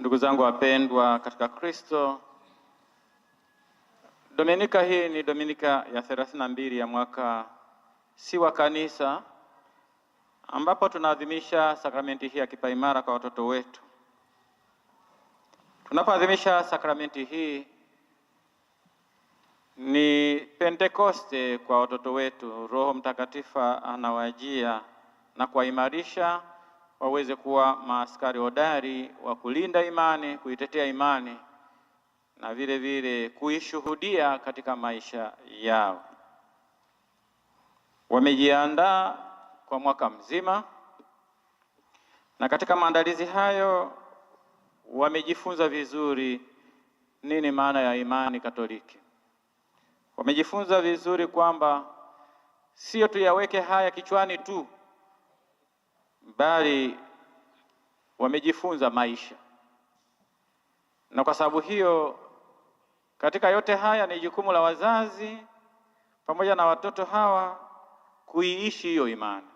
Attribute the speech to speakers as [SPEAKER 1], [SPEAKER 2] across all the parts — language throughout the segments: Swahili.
[SPEAKER 1] Ndugu zangu wapendwa katika Kristo, dominika hii ni dominika ya thelathini na mbili ya mwaka si wa Kanisa, ambapo tunaadhimisha sakramenti hii ya kipaimara kwa watoto wetu. Tunapoadhimisha sakramenti hii ni Pentekoste kwa watoto wetu. Roho Mtakatifu anawajia na kuwaimarisha waweze kuwa maaskari hodari wa kulinda imani, kuitetea imani na vile vile kuishuhudia katika maisha yao. Wamejiandaa kwa mwaka mzima, na katika maandalizi hayo wamejifunza vizuri nini maana ya imani Katoliki. Wamejifunza vizuri kwamba sio tuyaweke haya kichwani tu bali wamejifunza maisha, na kwa sababu hiyo, katika yote haya ni jukumu la wazazi pamoja na watoto hawa kuiishi hiyo imani,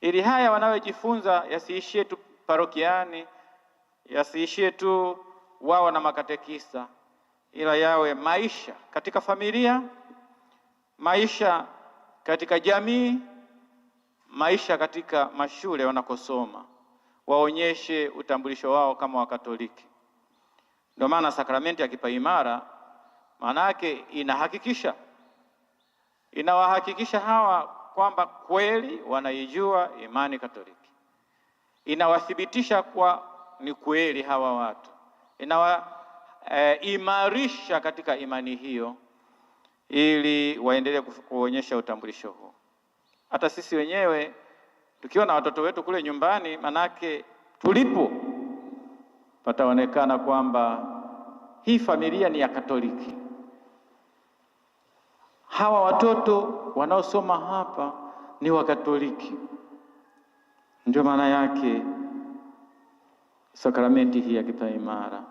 [SPEAKER 1] ili haya wanayojifunza yasiishie tu parokiani, yasiishie tu wao na makatekista, ila yawe maisha katika familia, maisha katika jamii maisha katika mashule wanakosoma, waonyeshe utambulisho wao kama Wakatoliki. Ndio maana sakramenti ya kipaimara maana yake inahakikisha, inawahakikisha hawa kwamba kweli wanaijua imani Katoliki, inawathibitisha kwa ni kweli hawa watu, inawaimarisha eh, e, katika imani hiyo, ili waendelee kuonyesha utambulisho huo hata sisi wenyewe tukiwa na watoto wetu kule nyumbani, manake tulipo pataonekana kwamba hii familia ni ya Katoliki. Hawa watoto wanaosoma hapa ni wa katoliki Ndio maana yake sakramenti hii ya kipaimara,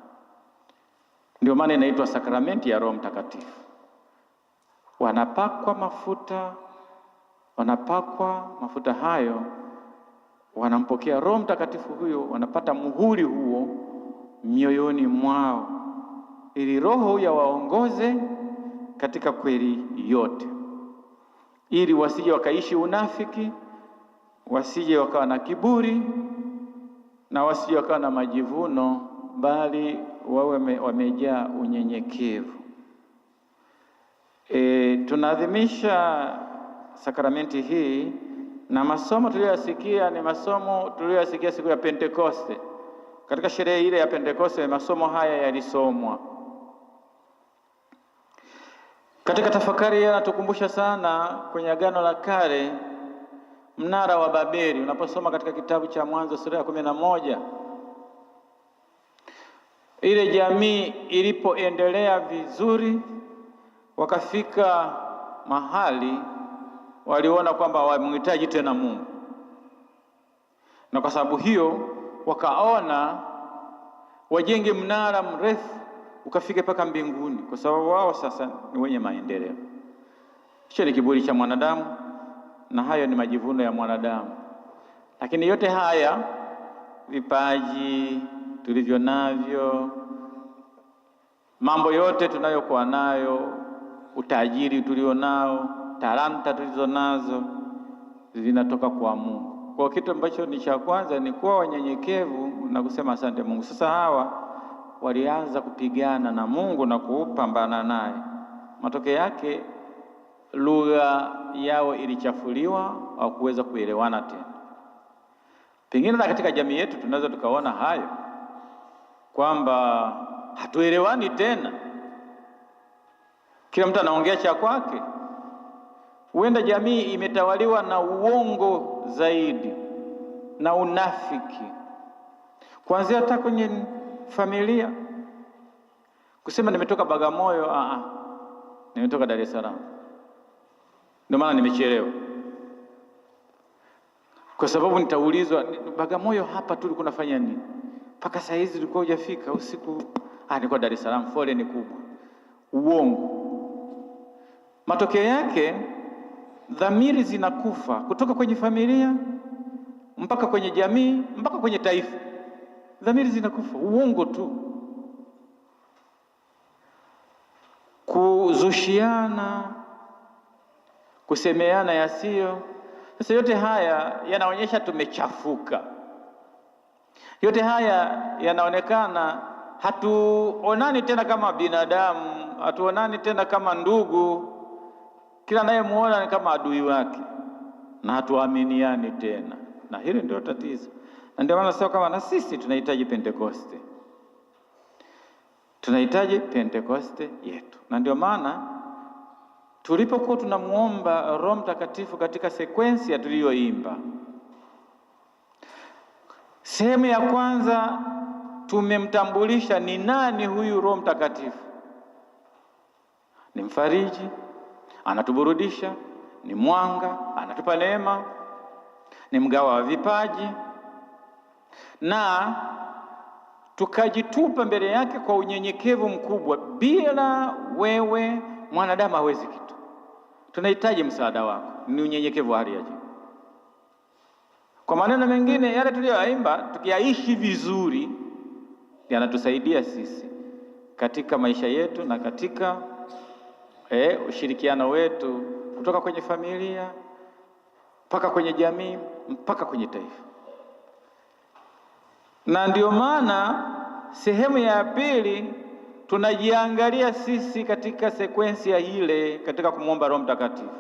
[SPEAKER 1] ndio maana inaitwa sakramenti ya Roho Mtakatifu. Wanapakwa mafuta wanapakwa mafuta hayo, wanampokea Roho Mtakatifu huyo, wanapata muhuri huo mioyoni mwao, ili Roho huyo waongoze katika kweli yote, ili wasije wakaishi unafiki, wasije wakawa na kiburi na wasije wakawa na majivuno, bali wawe wamejaa unyenyekevu. E, tunaadhimisha sakramenti hii, na masomo tuliyoyasikia ni masomo tuliyoyasikia siku ya Pentekoste. Katika sherehe ile ya Pentekoste masomo haya yalisomwa. Katika tafakari yanatukumbusha sana kwenye Agano la Kale, mnara wa Babeli. Unaposoma katika kitabu cha Mwanzo sura ya kumi na moja, ile jamii ilipoendelea vizuri, wakafika mahali waliona kwamba wamhitaji tena Mungu, na kwa sababu hiyo wakaona wajenge mnara mrefu ukafike mpaka mbinguni, kwa sababu wao sasa ni wenye maendeleo. Hicho ni kiburi cha mwanadamu, na hayo ni majivuno ya mwanadamu. Lakini yote haya vipaji tulivyo navyo, mambo yote tunayokuwa nayo, utajiri tulio nao talanta tulizo nazo zinatoka kwa Mungu. Kwa kitu ambacho ni cha kwanza ni kuwa wanyenyekevu na kusema asante Mungu. Sasa hawa walianza kupigana na Mungu na kupambana naye. Matokeo yake lugha yao ilichafuliwa, hawakuweza kuelewana tena. Pengine na katika jamii yetu tunaweza tukaona hayo kwamba hatuelewani tena, kila mtu anaongea cha kwake. Huenda jamii imetawaliwa na uongo zaidi na unafiki, kuanzia hata kwenye familia, kusema nimetoka Bagamoyo, aa, ah, ah. nimetoka Dar es Salaam, ndio maana nimechelewa kwa sababu nitaulizwa Bagamoyo hapa tu ulikuwa unafanya nini mpaka saa hizi ulikuwa hujafika usiku? Ah, nilikuwa Dar es Salaam, foleni kubwa. Uongo. Matokeo yake dhamiri zinakufa kutoka kwenye familia mpaka kwenye jamii mpaka kwenye taifa. Dhamiri zinakufa, uongo tu, kuzushiana, kusemeana yasiyo. Sasa yote haya yanaonyesha tumechafuka, yote haya yanaonekana hatuonani tena kama binadamu, hatuonani tena kama ndugu kila anayemwona ni kama adui wake na hatuaminiani tena, na hili ndio tatizo. Na ndio maana sio kama na sisi tunahitaji Pentekoste, tunahitaji Pentekoste yetu, na ndio maana tulipokuwa tunamwomba Roho Mtakatifu katika ya tuliyoimba, sehemu ya kwanza tumemtambulisha ni nani huyu Roho Mtakatifu, ni mfariji Anatuburudisha, ni mwanga, anatupa neema, ni mgawa wa vipaji, na tukajitupa mbele yake kwa unyenyekevu mkubwa. Bila wewe mwanadamu hawezi kitu, tunahitaji msaada wako, ni unyenyekevu wa hali ya juu. Kwa maneno mengine, yale tuliyoyaimba tukiyaishi vizuri yanatusaidia sisi katika maisha yetu na katika eh, ushirikiano wetu kutoka kwenye familia mpaka kwenye jamii mpaka kwenye taifa. Na ndio maana sehemu ya pili tunajiangalia sisi katika sekwensi ya ile katika kumwomba Roho Mtakatifu.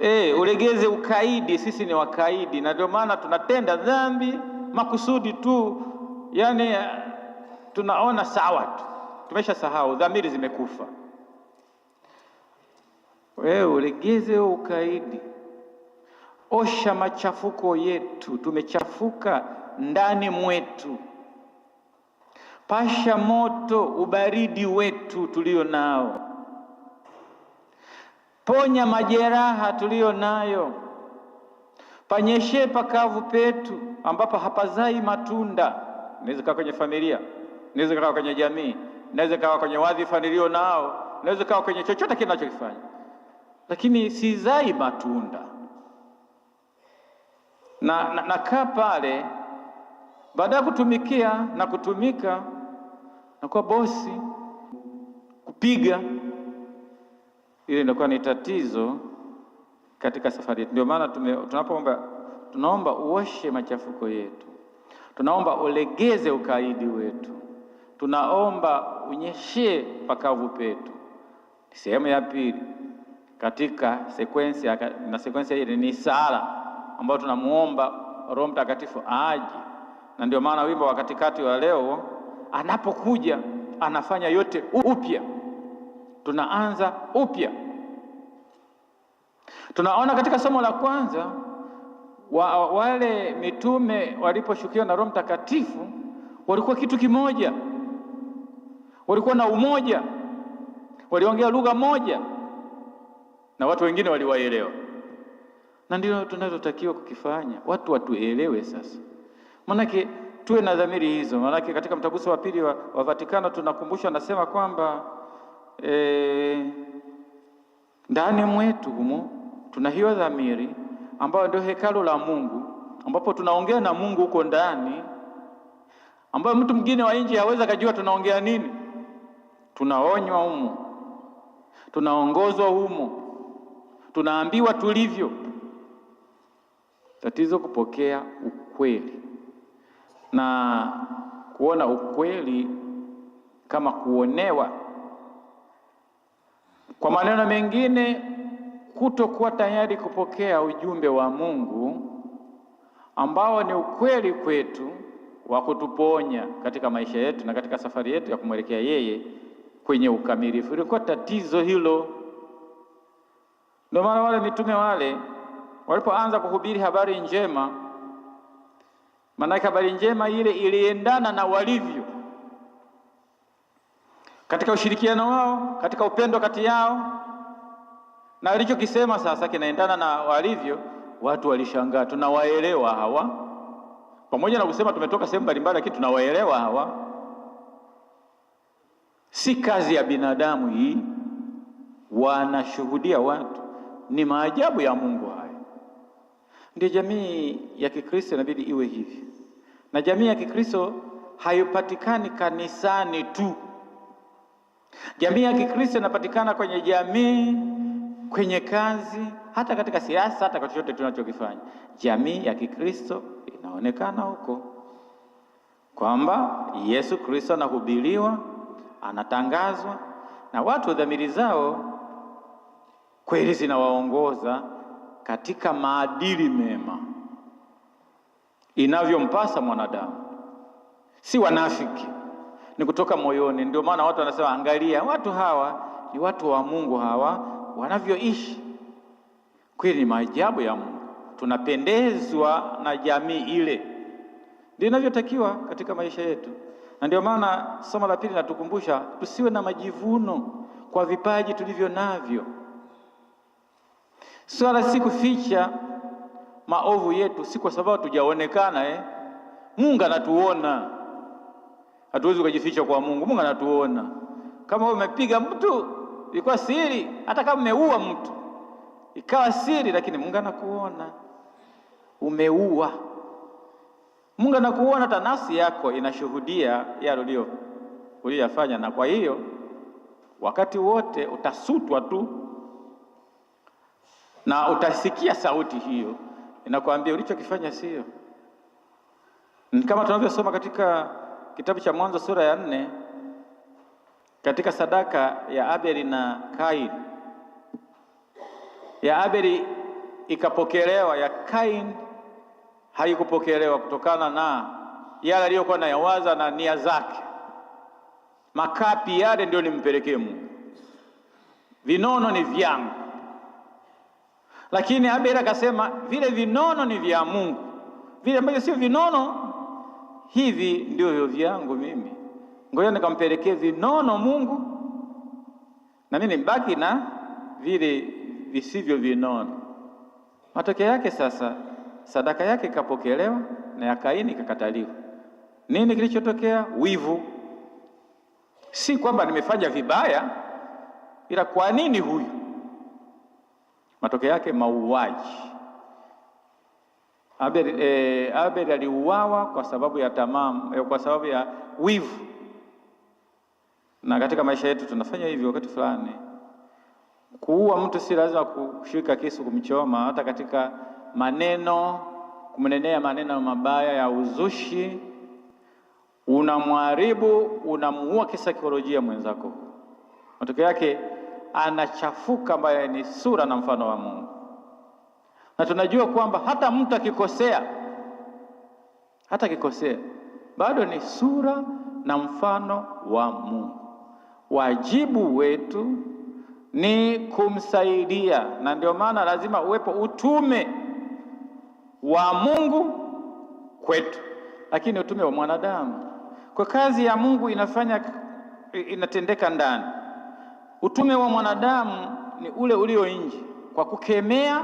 [SPEAKER 1] E, ulegeze ukaidi. Sisi ni wakaidi, na ndio maana tunatenda dhambi makusudi tu, yani tunaona sawa tu sahau dhamiri zimekufa. Wewe ulegeze ukaidi, osha machafuko yetu, tumechafuka ndani mwetu, pasha moto ubaridi wetu tulio nao, ponya majeraha tulio nayo, panyeshe pakavu petu ambapo hapazai matunda. Inaweza kaa kwenye familia, inaweza kaa kwenye jamii naweza kawa kwenye wadhifa nilio nao, naweza kawa kwenye chochote kile ninachokifanya, lakini sizai matunda na nakaa na pale, baada ya kutumikia na kutumika na bosi kupiga, ile inakuwa ni tatizo katika safari yetu. Ndio maana tunapoomba, tunaomba uoshe machafuko yetu, tunaomba ulegeze ukaidi wetu tunaomba unyeshee pakavu petu. Ni sehemu ya pili katika sekwensi na sekwensi ile ni sala ambayo tunamuomba Roho Mtakatifu aje, na ndio maana wimbo wa katikati wa leo anapokuja anafanya yote upya, tunaanza upya. Tunaona katika somo la kwanza wa, wale mitume waliposhukiwa na Roho Mtakatifu walikuwa kitu kimoja walikuwa na umoja, waliongea lugha moja na watu wengine waliwaelewa, na ndio tunalotakiwa kukifanya, watu watuelewe. Sasa manake tuwe na dhamiri hizo, maanake katika mtaguso wa pili wa, wa Vatikano tunakumbusha, anasema kwamba e, ndani mwetu humo tuna hiyo dhamiri ambayo ndio hekalo la Mungu, ambapo tunaongea na Mungu huko ndani, ambayo mtu mwingine wa nje hawezi akajua tunaongea nini tunaonywa humo, tunaongozwa humo, tunaambiwa tulivyo. Tatizo kupokea ukweli na kuona ukweli kama kuonewa. Kwa maneno mengine, kutokuwa tayari kupokea ujumbe wa Mungu ambao ni ukweli kwetu wa kutuponya katika maisha yetu na katika safari yetu ya kumwelekea yeye kwenye ukamilifu. Ilikuwa tatizo hilo. Ndio maana wale mitume wale walipoanza kuhubiri habari njema, maanake habari njema ile iliendana na walivyo katika ushirikiano wao, katika upendo kati yao, na alichokisema sasa kinaendana na walivyo. Watu walishangaa, tunawaelewa hawa, pamoja na kusema tumetoka sehemu mbalimbali, lakini tunawaelewa hawa si kazi ya binadamu hii, wanashuhudia watu. Ni maajabu ya Mungu haya. Ndio jamii ya Kikristo inabidi iwe hivi, na jamii ya Kikristo haipatikani kanisani tu. Jamii ya Kikristo inapatikana kwenye jamii, kwenye kazi, hata katika siasa, hata kwa chochote tunachokifanya. Jamii ya Kikristo inaonekana huko kwamba Yesu Kristo anahubiriwa anatangazwa na watu wa dhamiri zao kweli zinawaongoza katika maadili mema inavyompasa mwanadamu, si wanafiki, ni kutoka moyoni. Ndio maana watu wanasema, angalia watu hawa ni watu wa Mungu, hawa wanavyoishi kweli ni maajabu ya Mungu. Tunapendezwa na jamii ile, inavyotakiwa katika maisha yetu. Na ndio maana somo la pili natukumbusha tusiwe na majivuno kwa vipaji tulivyo navyo. Swala si kuficha maovu yetu, si kwa sababu tujaonekana eh. Mungu anatuona, hatuwezi kujificha kwa Mungu. Mungu anatuona. Kama wewe umepiga mtu ilikuwa siri, hata kama umeua mtu ikawa siri, lakini Mungu anakuona umeua. Mungu anakuona hata nafsi yako inashuhudia yale uliyoyafanya, na kwa hiyo wakati wote utasutwa tu na utasikia sauti hiyo inakwambia ulichokifanya sio. Kama tunavyosoma katika kitabu cha Mwanzo sura ya nne katika sadaka ya Abeli na Kain, ya Abeli ikapokelewa, ya Kain haikupokelewa kutokana na yale aliyokuwa nayawaza na nia zake. Makapi yale ndio nimpelekee Mungu, vinono ni vyangu. Lakini Abel akasema vile vinono ni vya Mungu, vile ambavyo sio vinono hivi ndivyo vyangu mimi, ngoja nikampelekee vinono Mungu na mimi baki na vile visivyo vinono. Matokeo yake sasa sadaka yake ikapokelewa na ya Kaini ikakataliwa. Nini kilichotokea? Wivu. Si kwamba nimefanya vibaya, ila kwa nini huyu? Matokeo yake mauaji. Abel, eh, Abel aliuawa kwa sababu ya tamamu, eh, kwa sababu ya wivu. Na katika maisha yetu tunafanya hivyo wakati fulani. Kuua mtu si lazima kushika kisu kumchoma, hata katika maneno, kumnenea maneno mabaya ya uzushi, unamharibu, unamuua kisaikolojia mwenzako. Matokeo yake anachafuka, ambaye ni sura na mfano wa Mungu. Na tunajua kwamba hata mtu akikosea, hata akikosea, bado ni sura na mfano wa Mungu. Wajibu wetu ni kumsaidia, na ndio maana lazima uwepo utume wa Mungu kwetu, lakini utume wa mwanadamu kwa kazi ya Mungu inafanya inatendeka ndani. Utume wa mwanadamu ni ule ulio nje, kwa kukemea,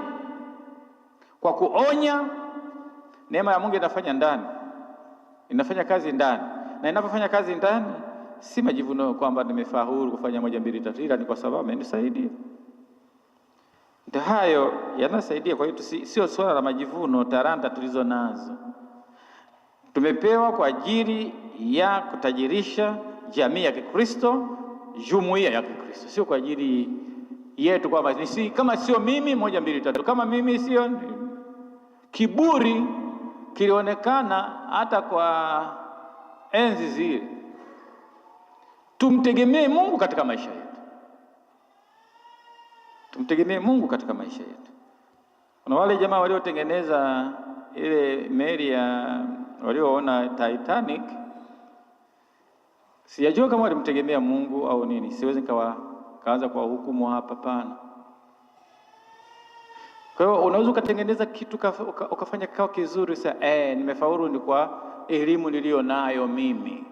[SPEAKER 1] kwa kuonya. Neema ya Mungu inafanya ndani, inafanya kazi ndani, na inapofanya kazi ndani, si majivuno kwamba nimefaulu kufanya moja mbili tatu, ila ni kwa sababu amenisaidia. Ndio hayo yanasaidia. Kwa hiyo sio suala la majivuno. Talanta tulizo nazo tumepewa kwa ajili ya kutajirisha jamii ya Kikristo, jumuiya ya Kikristo, sio kwa ajili yetu kwamba si, kama sio mimi moja mbili tatu, kama mimi sio. Kiburi kilionekana hata kwa enzi zile. Tumtegemee Mungu katika maisha yetu. Tumtegemee Mungu katika maisha yetu. Kuna wale jamaa waliotengeneza ile meli ya walioona Titanic, sijajua kama walimtegemea Mungu au nini, siwezi kaanza hukumu hapa pana. Kwa hiyo unaweza ukatengeneza kitu ukafanya kikawa kizuri, sasa eh, nimefaulu ni kwa elimu niliyo nayo mimi.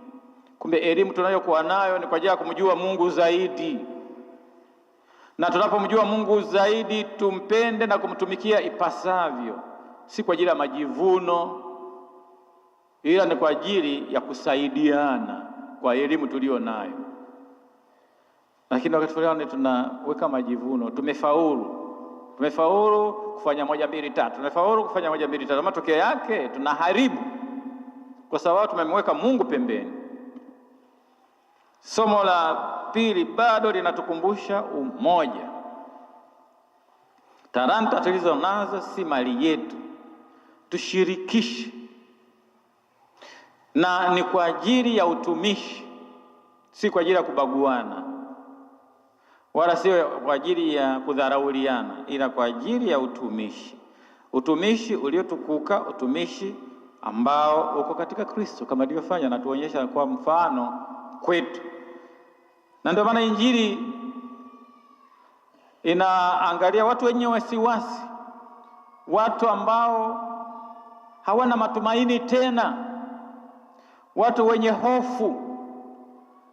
[SPEAKER 1] Kumbe elimu tunayokuwa nayo ni kwa ajili ya kumjua Mungu zaidi na tunapomjua Mungu zaidi tumpende na kumtumikia ipasavyo, si kwa ajili ya majivuno, ila ni kwa ajili ya kusaidiana kwa elimu tuliyo nayo. Lakini wakati fulani tunaweka majivuno, tumefaulu tumefaulu kufanya moja mbili tatu, tumefaulu kufanya moja mbili tatu. Matokeo yake tunaharibu, kwa sababu tumemweka Mungu pembeni. Somo la pili bado linatukumbusha umoja. Talanta tulizo nazo si mali yetu, tushirikishe, na ni kwa ajili ya utumishi, si kwa ajili ya kubaguana wala sio kwa ajili ya kudharauliana, ila kwa ajili ya utumishi, utumishi uliotukuka, utumishi ambao uko katika Kristo, kama alivyofanya na tuonyesha kwa mfano kwetu. Na ndio maana injili inaangalia watu wenye wasiwasi, watu ambao hawana matumaini tena, watu wenye hofu.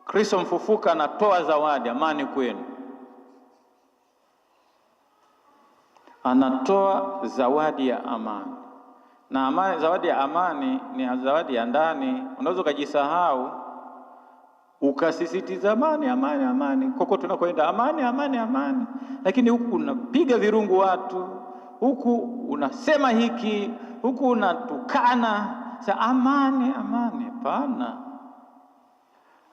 [SPEAKER 1] Kristo mfufuka anatoa zawadi, amani kwenu, anatoa zawadi ya amani na amani, zawadi ya amani ni zawadi ya ndani. Unaweza ukajisahau ukasisitiza amani, amani, amani, koko tunakwenda amani, amani, amani, lakini huku unapiga virungu watu, huku unasema hiki, huku unatukana sa amani, amani. Pana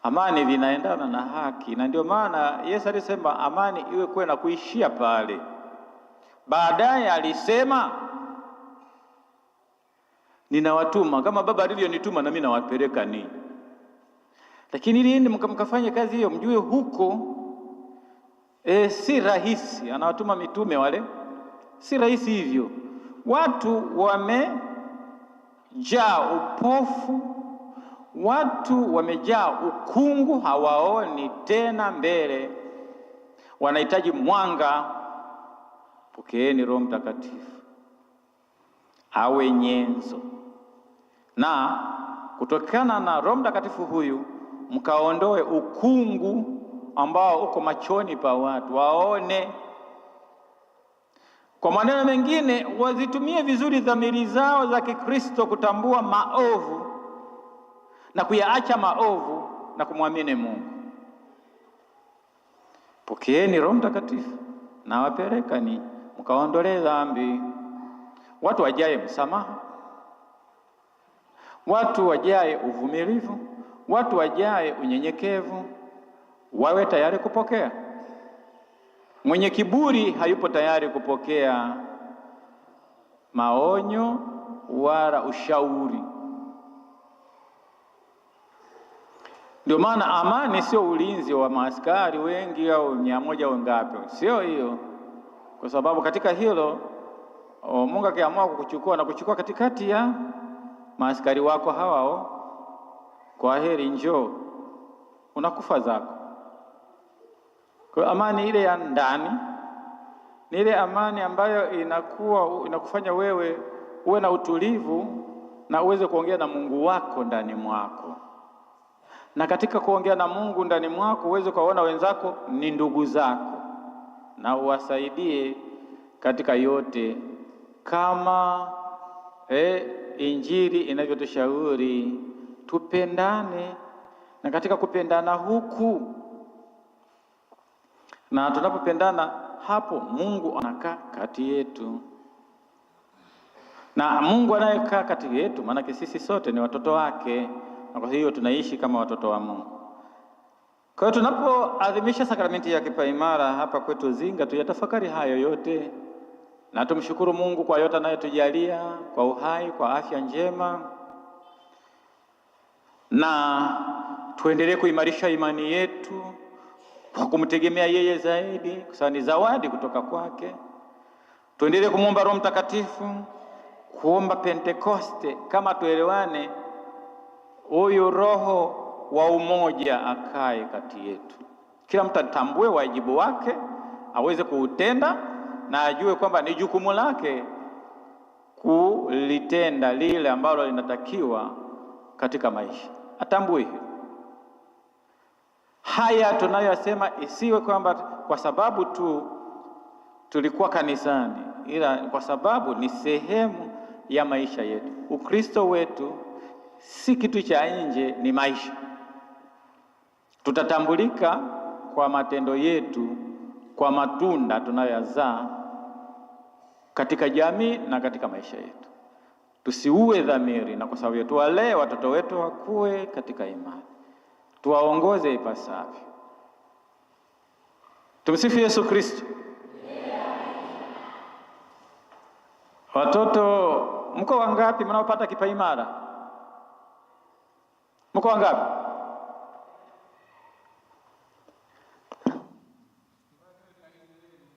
[SPEAKER 1] amani vinaendana na haki, na ndio maana Yesu alisema amani iwe kuwe na kuishia pale. Baadaye alisema ninawatuma kama Baba alivyonituma, nami nawapeleka ninyi lakini ili ende mkamkafanya kazi hiyo, mjue huko e, si rahisi. Anawatuma mitume wale, si rahisi hivyo. Watu wamejaa upofu, watu wamejaa ukungu, hawaoni tena mbele, wanahitaji mwanga. Pokeeni Roho Mtakatifu awe nyenzo, na kutokana na Roho Mtakatifu huyu mkaondoe ukungu ambao uko machoni pa watu waone. Kwa maneno mengine, wazitumie vizuri dhamiri zao za Kikristo kutambua maovu na kuyaacha maovu na kumwamini Mungu. Pokeeni Roho Mtakatifu na wapeleka ni mkaondolee dhambi. Watu wajae msamaha, watu wajae uvumilivu watu wajae unyenyekevu, wawe tayari kupokea. Mwenye kiburi hayupo tayari kupokea maonyo wala ushauri. Ndio maana amani sio ulinzi wa maaskari wengi au mia moja au ngapi, sio hiyo, kwa sababu katika hilo oh, Mungu akiamua kukuchukua na kuchukua katikati ya maaskari wako hawao kwa heri, njoo, unakufa zako. Kwa amani ile ya ndani ni ile amani ambayo inakuwa inakufanya wewe uwe na utulivu na uweze kuongea na Mungu wako ndani mwako, na katika kuongea na Mungu ndani mwako uweze kuwaona wenzako ni ndugu zako, na uwasaidie katika yote kama eh, Injili inavyotushauri tupendane, na katika kupendana huku na tunapopendana hapo, Mungu anakaa kati yetu, na Mungu anayekaa kati yetu, maanake sisi sote ni watoto wake, na kwa hiyo tunaishi kama watoto wa Mungu. Kwa hiyo tunapoadhimisha sakramenti ya kipaimara hapa kwetu Zinga, tuyatafakari hayo yote na tumshukuru Mungu kwa yote anayotujalia, kwa uhai, kwa afya njema na tuendelee kuimarisha imani yetu kwa kumtegemea yeye zaidi, kwa sababu ni zawadi kutoka kwake. Tuendelee kumwomba Roho Mtakatifu, kuomba Pentekoste, kama tuelewane, huyu Roho wa umoja akae kati yetu, kila mtu atambue wajibu wake aweze kuutenda na ajue kwamba ni jukumu lake kulitenda lile ambalo linatakiwa katika maisha atambue haya tunayoyasema, isiwe kwamba kwa sababu tu tulikuwa kanisani, ila kwa sababu ni sehemu ya maisha yetu. Ukristo wetu si kitu cha nje, ni maisha. Tutatambulika kwa matendo yetu, kwa matunda tunayoyazaa katika jamii na katika maisha yetu tusiue dhamiri, na kwa sababu hiyo tuwalee watoto wetu wakue katika imani, tuwaongoze ipasavyo. Tumsifu Yesu Kristo. Watoto mko wangapi mnaopata kipaimara? Mko wangapi?